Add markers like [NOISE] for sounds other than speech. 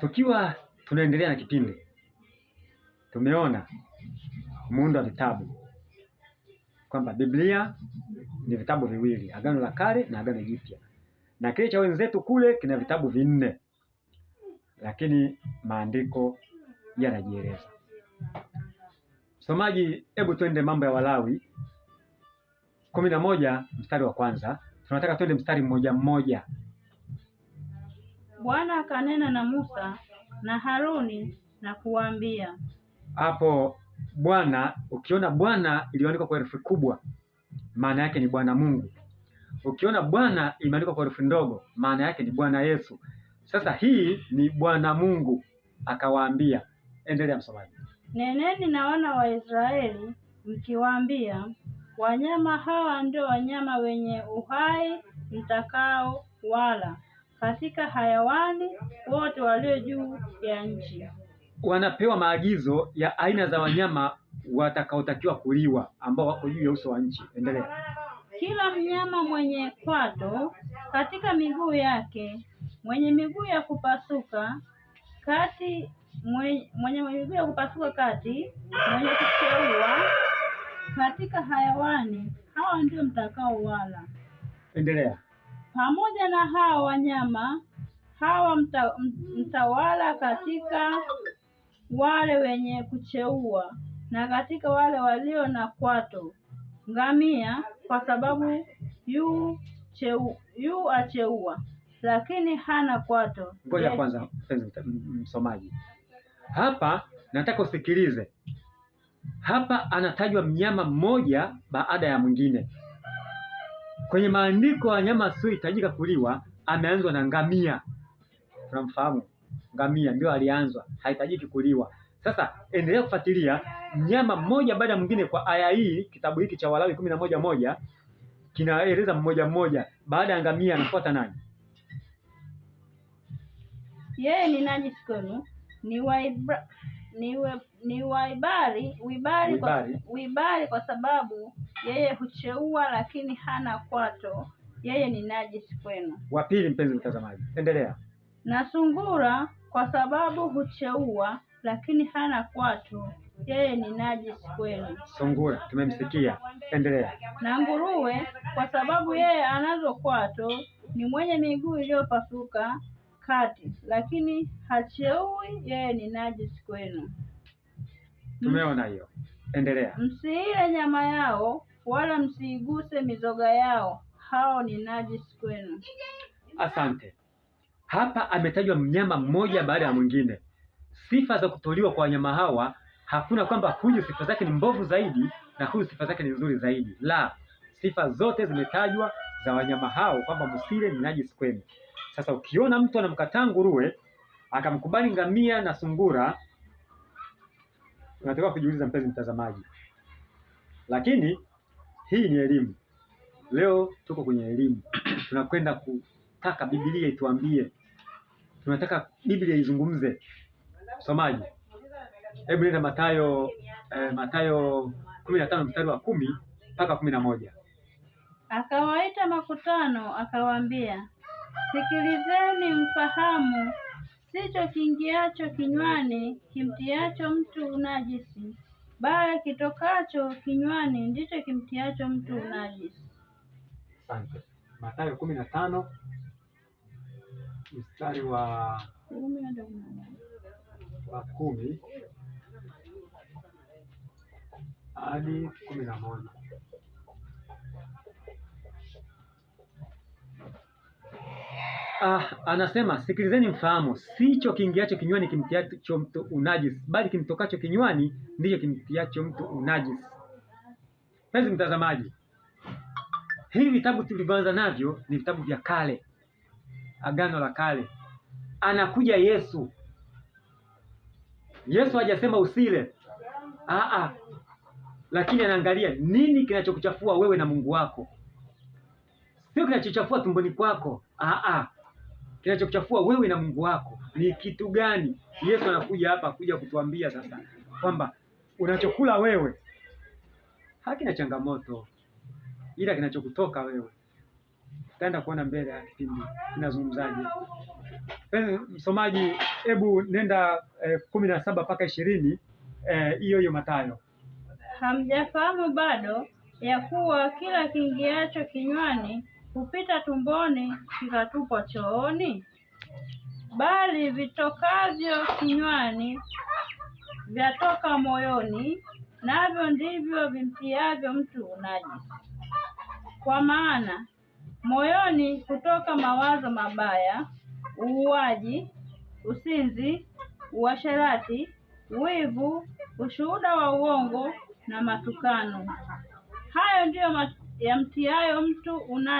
Tukiwa tunaendelea na kipindi, tumeona muundo wa vitabu kwamba Biblia ni vitabu viwili, Agano la Kale na Agano Jipya, na kile cha wenzetu kule kina vitabu vinne, lakini maandiko yanajieleza. Msomaji, hebu twende mambo ya Walawi kumi na moja mstari wa kwanza. Tunataka twende mstari mmoja mmoja Bwana akanena na Musa na Haruni na kuwaambia. Hapo Bwana, ukiona Bwana iliyoandikwa kwa herufi kubwa, maana yake ni Bwana Mungu. Ukiona Bwana imeandikwa kwa herufi ndogo, maana yake ni Bwana Yesu. Sasa hii ni Bwana Mungu akawaambia. Endelea msomaji. Neneni na wana wa Israeli mkiwaambia, wanyama hawa ndio wanyama wenye uhai mtakao wala katika hayawani wote walio juu ya nchi. Wanapewa maagizo ya aina za wanyama watakaotakiwa kuliwa ambao wako juu ya uso wa nchi. Endelea. Kila mnyama mwenye kwato katika miguu yake, mwenye miguu ya kupasuka kati, mwenye, miguu ya kupasuka kati, mwenye kuteua katika hayawani, hawa ndio mtakao wala. Endelea. Pamoja na hawa wanyama hawa mta, mtawala katika wale wenye kucheua na katika wale walio na kwato ngamia, kwa sababu yu, cheu, yu acheua lakini hana kwato. Ngoja kwanza, mpenzi msomaji, hapa nataka usikilize. Hapa anatajwa mnyama mmoja baada ya mwingine. Kwenye maandiko nyama asiyohitajika kuliwa ameanzwa na ngamia. Tunamfahamu ngamia, ndio alianzwa, hahitajiki kuliwa. Sasa endelea kufuatilia nyama mmoja baada ya mwingine kwa aya hii. Kitabu hiki cha Walawi kumi na moja moja kinaeleza mmoja mmoja. Baada ya ngamia anafuata nani? Yeye ni nani? Sikonu ni wa ni, ni waibari wibari kwa, Wibari. kwa sababu yeye hucheua lakini hana kwato, yeye ni najisi kwenu. Wa pili, mpenzi mtazamaji, endelea. Na sungura kwa sababu hucheua lakini hana kwato, yeye ni najisi kwenu. Sungura tumemsikia, endelea. Na nguruwe kwa sababu yeye anazo kwato, ni mwenye miguu iliyopasuka kati, lakini hacheui yeye ni najis kwenu. Tumeona hiyo, endelea. Msiile nyama yao wala msiiguse mizoga yao, hao ni najis kwenu. Asante. Hapa ametajwa mnyama mmoja baada ya mwingine. Sifa za kutoliwa kwa wanyama hawa hakuna kwamba huyu sifa zake ni mbovu zaidi na huyu sifa zake ni nzuri zaidi. La, sifa zote zimetajwa za wanyama hao kwamba msile ni najis kwenu. Sasa ukiona mtu anamkataa nguruwe akamkubali ngamia na sungura, unatakiwa kujiuliza, mpenzi mtazamaji. Lakini hii ni elimu. Leo tuko kwenye elimu, [CLEARS THROAT] tunakwenda kutaka Biblia ituambie, tunataka Biblia izungumze. Msomaji, hebu nenda Mathayo eh, Mathayo kumi na tano mstari wa kumi mpaka kumi na moja. Akawaita makutano akawaambia Sikilizeni mfahamu, sicho kiingiacho kinywani kimtiacho mtu unajisi, bali kitokacho kinywani ndicho kimtiacho mtu unajisi. Asante. Mathayo kumi na tano mstari wa wa kumi hadi kumi na moja. Ah, anasema sikilizeni, mfahamu, sicho kiingiacho kinywani kimtiacho mtu unajisi, bali kimtokacho kinywani ndicho kimtiacho mtu unajisi. Mpenzi mtazamaji, hivi vitabu tulivyoanza navyo ni vitabu vya kale, Agano la Kale. Anakuja Yesu. Yesu hajasema usile, ah, ah, lakini anaangalia nini kinachokuchafua wewe na Mungu wako, sio kinachochafua tumboni kwako, ah, ah. Kinachokuchafua wewe na Mungu wako ni kitu gani? Yesu anakuja hapa kuja kutuambia sasa kwamba unachokula wewe hakina changamoto, ila kinachokutoka wewe tutaenda kuona mbele ya kipindi kinazungumzaje. Eh, msomaji, hebu nenda eh, kumi na saba mpaka ishirini eh, hiyo eh, hiyo Mathayo. Hamjafahamu bado ya kuwa kila kiingiacho kinywani kupita tumboni kikatupwa chooni, bali vitokavyo kinywani vyatoka moyoni, navyo ndivyo vimtiavyo mtu unajisi. Kwa maana moyoni kutoka mawazo mabaya, uuaji, usinzi, uasherati, wivu, ushuhuda wa uongo na matukano. Hayo ndiyo yamtiayo mtu unajisi.